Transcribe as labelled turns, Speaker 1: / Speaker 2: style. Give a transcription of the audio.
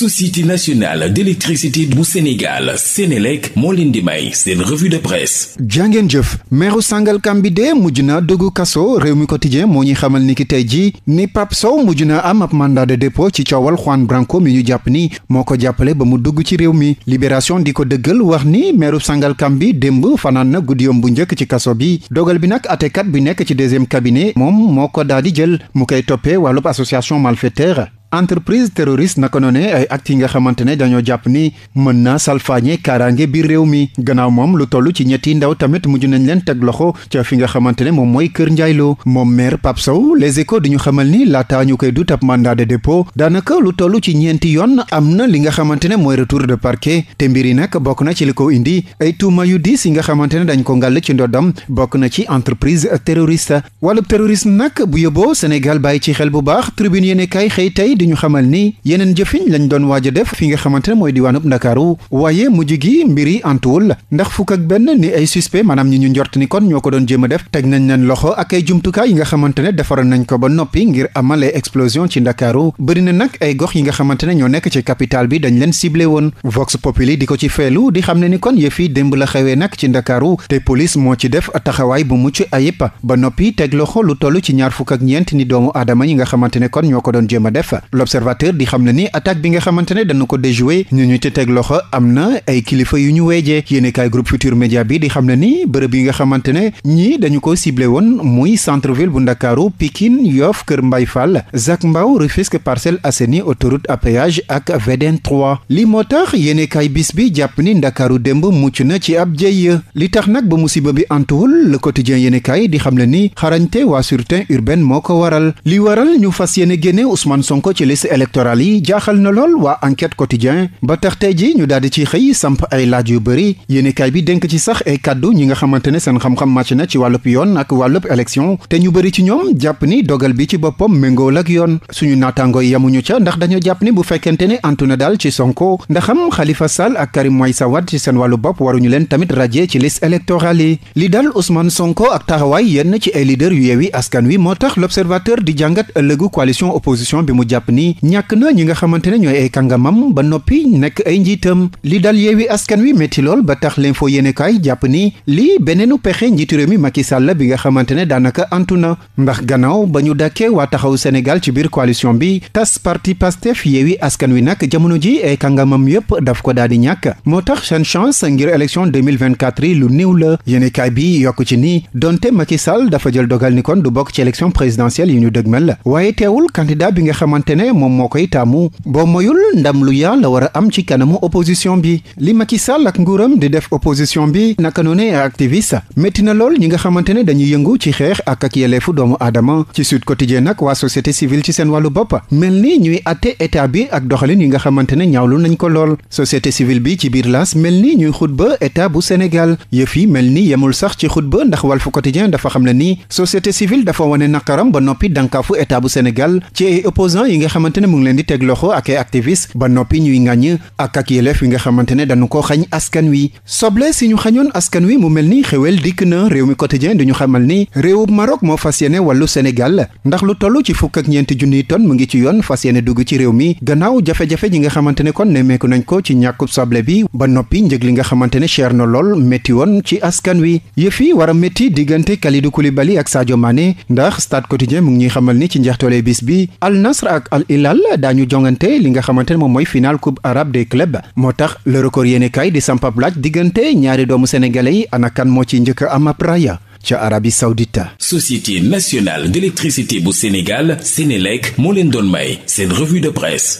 Speaker 1: société nationale d'électricité bu Sénégal Sénélec moo leen di may seen revue de presse jàngeen jëf meeru Sangalkam bi dee mujj na dugg kaso réew mi quotidien moo ñuy xamal ni ki tey ji ni Pape Sow mujj na am ab mandat de dépôt ci coowal Juan Branco mi ñu jàpp ni moo ko jàppale ba mu dugg ci réew mi libération di ko dëggal wax ni meeru Sangalkam bi démb fanaan na guddiyoom bu njëkk ci kaso bi dogal bi nag atekat bi nekk ci deuxième cabinet moom moo ko daal di jël mu koy toppee wàllub association malfaiteur entreprise terroriste naka noonu ne ay actes yi nga xamante ne dañoo jàpp ni mën naa salfaañe kaaraange biir réew mi gannaaw moom lu toll ci ñetti ndaw tamit mujj nañ leen teg loxo ca fi nga xamante ne moom mooy Kër Ndiayloo moom maire Pape Sow les éco di ñu xamal ni laata ñu koy dut ab mandat de dépôt daanaka lu toll ci ñeenti yoon am na li nga xamante ne mooy retour de parquet te mbir yi nag bokk na ci li ko indi ay tuuma yu diis yi nga xamante ne dañ ko ngàll ci ndoddam bokk na ci entreprise terroriste wàllub terrorisme nag bu yóbboo Sénégal bàyyi ci xel bu baax tribune yéene kay xëy tey di ñu xamal ni yeneen jëfiñ lañ doon waaj def fi nga xamante ne mooy diwaanub ndakaaru waaye mujj gi mbir yi antuwul ndax fukk ak benn ni ay suspect maanaam ñi ñu njort ni kon ñoo ko doon jéem def teg nañ leen loxo ak ay jumtukaay yi nga xamante ne defaroon nañ ko ba noppi ngir amal explosion ci ndakaaru bëri na nag ay gox yi nga xamante ne ñoo nekk ci capitale bi dañ leen ciblé woon vox populi di ko ci feelu di xam ne ni kon yëfi démb la nag ci ndakaaru te police moo ci def taxawaay bu mucc ayib ba noppi teg loxo lu toll ci ñaar fukk ak ñeent ni doomu aadama yi nga xamante ne kon ñoo ko doon jéem a def l'observateur di xam ne ni attaque bi nga xamante ne dana ko déjoué ñu ñu ci teg loxo am na ay kilifa yu ñu weejee yéene kaay groupe Futur Média bi di xam ne ni bërëb yi nga xamante ne ñii dañu ko ciblé woon muy centre ville bu Ndakaaru Pikine yoof Kër Mbay Fall Zac Mbao Rufisque Parcelles Assainies autoroute à péage ak VDN 3 li moo tax yéene bis bi jàpp ni Ndakaaru démb mucc na ci ab jëy li tax nag ba musiba bi antuwul le quotidien yéene kaay di xam ne ni xarañte waa sûreté urbaine moo ko waral li waral ñu fas yéene génne Ousmane Sonko ci liste électorale yi jaaxal na lool waa enquête quotidien ba tax tey ji ñu daal di ci xëy samp ay laaj yu bëri yéenekaay bi dénk ci sax ay kàddu ñi nga xamante ne seen xam-xam màcc na ci wàllub yoon ak wàllub élection te ñu bëri ci ñoom jàpp ni dogal bi ci boppam méngool ak yoon suñu naataango yamuñu ca ndax dañoo jàpp ni bu fekkente ne antu na daal ci Sonko ndaxam Khalifa Sall ak Karim Meïssa Wade ci seen wàllu bopp waruñu leen tamit rajee ci liste électorale yi li daal Ousmane moo tax l'observateur di bi mu ni ñàkk na ñi nga xamante ne ñooy ay kàngamam ba noppi nekk ay njiitam li dal yeewi askan wi métti lool ba tax leen l'info yéenekaay jàpp ni li beneenu pexe njiitu réew mi Macky Sall bi nga xamante ne daanaka antu na ndax gannaaw ba ñu dàkkee waa taxaw Sénégal ci biir coalition bi tas parti Pastef yeewi askan wi nag jamono ji ay kàngamam yépp daf ko daal di ñàkk moo tax seen chance ngir élection 2024 yi lu néew la yéenekaay bi yokk ci nii donte Macky Sall dafa jël dogal ni kon du bokk ci élection présidentielle ñu dëgmal waaye ne moom moo koy tàmmu boo moyul ndam lu yaa war a am ci kanamu opposition bi li Macky Sall ak nguuram di def opposition bi naka noonu activiste métti na lool ñi nga xamante ne dañuy yëngu ci xeex ak ak yelleefu doomu aadama ci Sud Quotidien nag waa société civile ci seen wàllu bopp mel ni ñuy àtte état bi ak doxalin yi nga xamante ne ñaawlu nañ ko lool société civile bi ci biir laas mel ni ñuy xutba état bu Sénégal yëf yi mel ni yemul sax ci xutba ndax wal Walf Quotidien dafa xam ne nii société civile dafa wane naqaram ba noppi dankaafu état bu Sénégal ci ay opposant yi nga xamante ne mu ngi leen di teg loxo ak ay ba noppi ñuy ngàññ ak ak yelef yi nga xamante ne dañu ko xañ askan wi soble si ñu xañoon askan wi mu mel ni xewel dikk na réew mi quotidien di ñu xamal ni réewub Maroc moo fas yéene wàllu Sénégal ndax lu toll ci fukk ak ñeenti junniy ton mu ngi ci yoon fas yéene dugg ci réew mi gannaaw jafe-jafe yi nga xamante ne kon nemmeeku nañ ko ci ñàkku soble bi ba noppi njëg li nga xamante ne cher na lool métti woon ci askan wi yëf war a métti diggante Kalidou Koulibaly ak Sadio Mané ndax stade quotidien mu ngi ñuy xamal ni ci njeextoole bis bi ak al Hilal daañu jongante li nga xamante ne moom mooy final coupe arabe des clubs moo tax le record yéeni kay di sampab laaj diggante ñaari doomu sénégalais yi ana kan moo ci njëkk am ab raaya ca Arabie Saoudite. Société nationale d'électricité bu Sénégal Sénélec moo leen doon may seen revue de presse.